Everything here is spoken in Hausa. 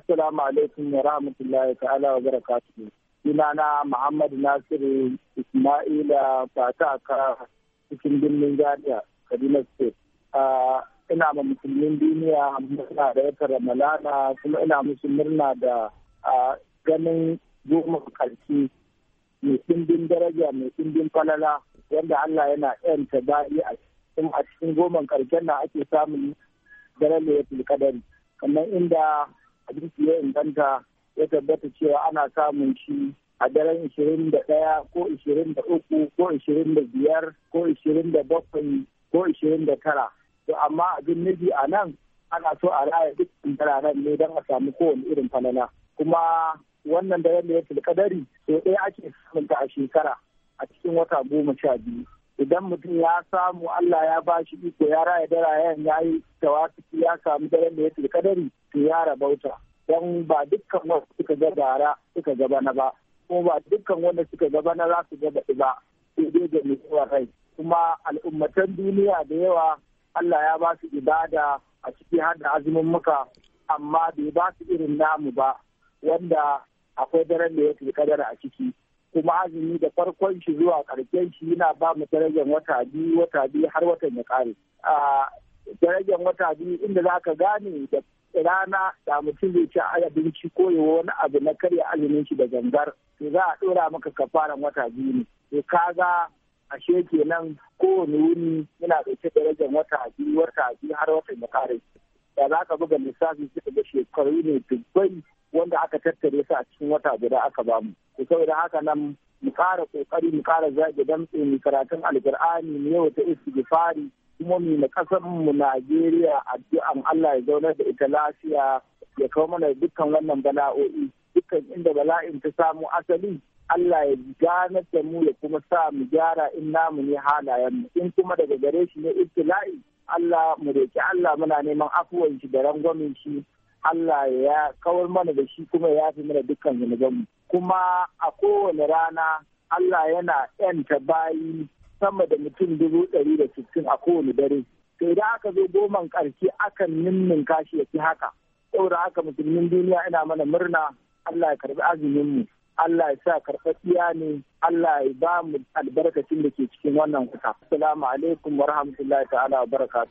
Assalamu alaikum wa rahmatullahi ta'ala wa barakatuhu. na Muhammad Nasiru Ismaila Fataka cikin birnin Jariya, Kaduna State. Ina ma musulmin duniya murna da wata Ramalana kuma ina musu murna da ganin goma karshe. mai ɗimbin daraja mai ɗimbin falala wanda Allah yana yanta bayi a cikin goma karshen na ake samun daraja da ya fi kadari. Kamar inda abinci ya inganta ya tabbata cewa ana samun shi a daren ishirin da ɗaya ko ishirin da uku ko ishirin da biyar ko ishirin da bakwai ko ishirin da tara to amma abin nufi a nan ana so a raya duk nan ne don a samu kowane irin falala kuma wannan daren da ya kadari so ɗaya ake samunta a shekara a cikin wata goma sha biyu idan mutum ya samu Allah ya ba shi iko ya raya da rayan ya yi tawafi ya samu daren da ya kadari to ya rabauta don ba dukkan wanda suka ga gara suka ga bana ba Ko ba dukkan wanda suka ga bana za su ga ba sai dai da mutuwar rai kuma al'ummatan duniya da yawa Allah ya ba su ibada a ciki har da azumin muka amma bai ba su irin namu ba wanda akwai daren da ya dara a ciki kuma azumi da farkon shi zuwa karshen shi yana ba mu darajar wata biyu wata biyu har watan ya kare a darajar wata biyu inda za ka gane da rana da mutum zai ci abinci ko ya wani abu na karya azumin shi da gangar to za a dora maka kafaran wata biyu ne to ga ashe kenan kowane wuni yana ɗauke darajar wata biyu wata biyu har watan ya kare da za ka buga lissafi suka ga shekaru ne dubbai wanda aka tattare su a cikin wata guda aka ba bamu ku saboda haka nan mu kara kokari mu kara zage damtse mu karatun alqur'ani mu yau ta istighfari kuma mu na kasar mu Najeriya addu'an Allah ya zaunar da ita lafiya ya kawo mana dukkan wannan bala'o'i dukkan inda bala'in ta samu asali Allah ya gane da mu ya kuma sa mu gyara in namu ne halayen mu in kuma daga gare shi ne ibtila'i Allah mu roki Allah muna neman afuwan shi da rangwamin shi Allah ya kawar mana da shi kuma ya fi mana dukkan zunubanmu. Kuma a kowane rana Allah yana ‘yanta bayi sama da mutum dubu ɗari da sittin a kowane dare. To idan aka zo goman ƙarshe akan nimmin kashi ya fi haka. Saboda haka musulmin duniya ina mana murna Allah ya karɓi azuminmu. Allah ya sa karɓaɓɓiya ne Allah ya ba mu albarkacin da ke cikin wannan kusa. Assalamu alaikum wa rahmatullahi ta'ala wa barakatu.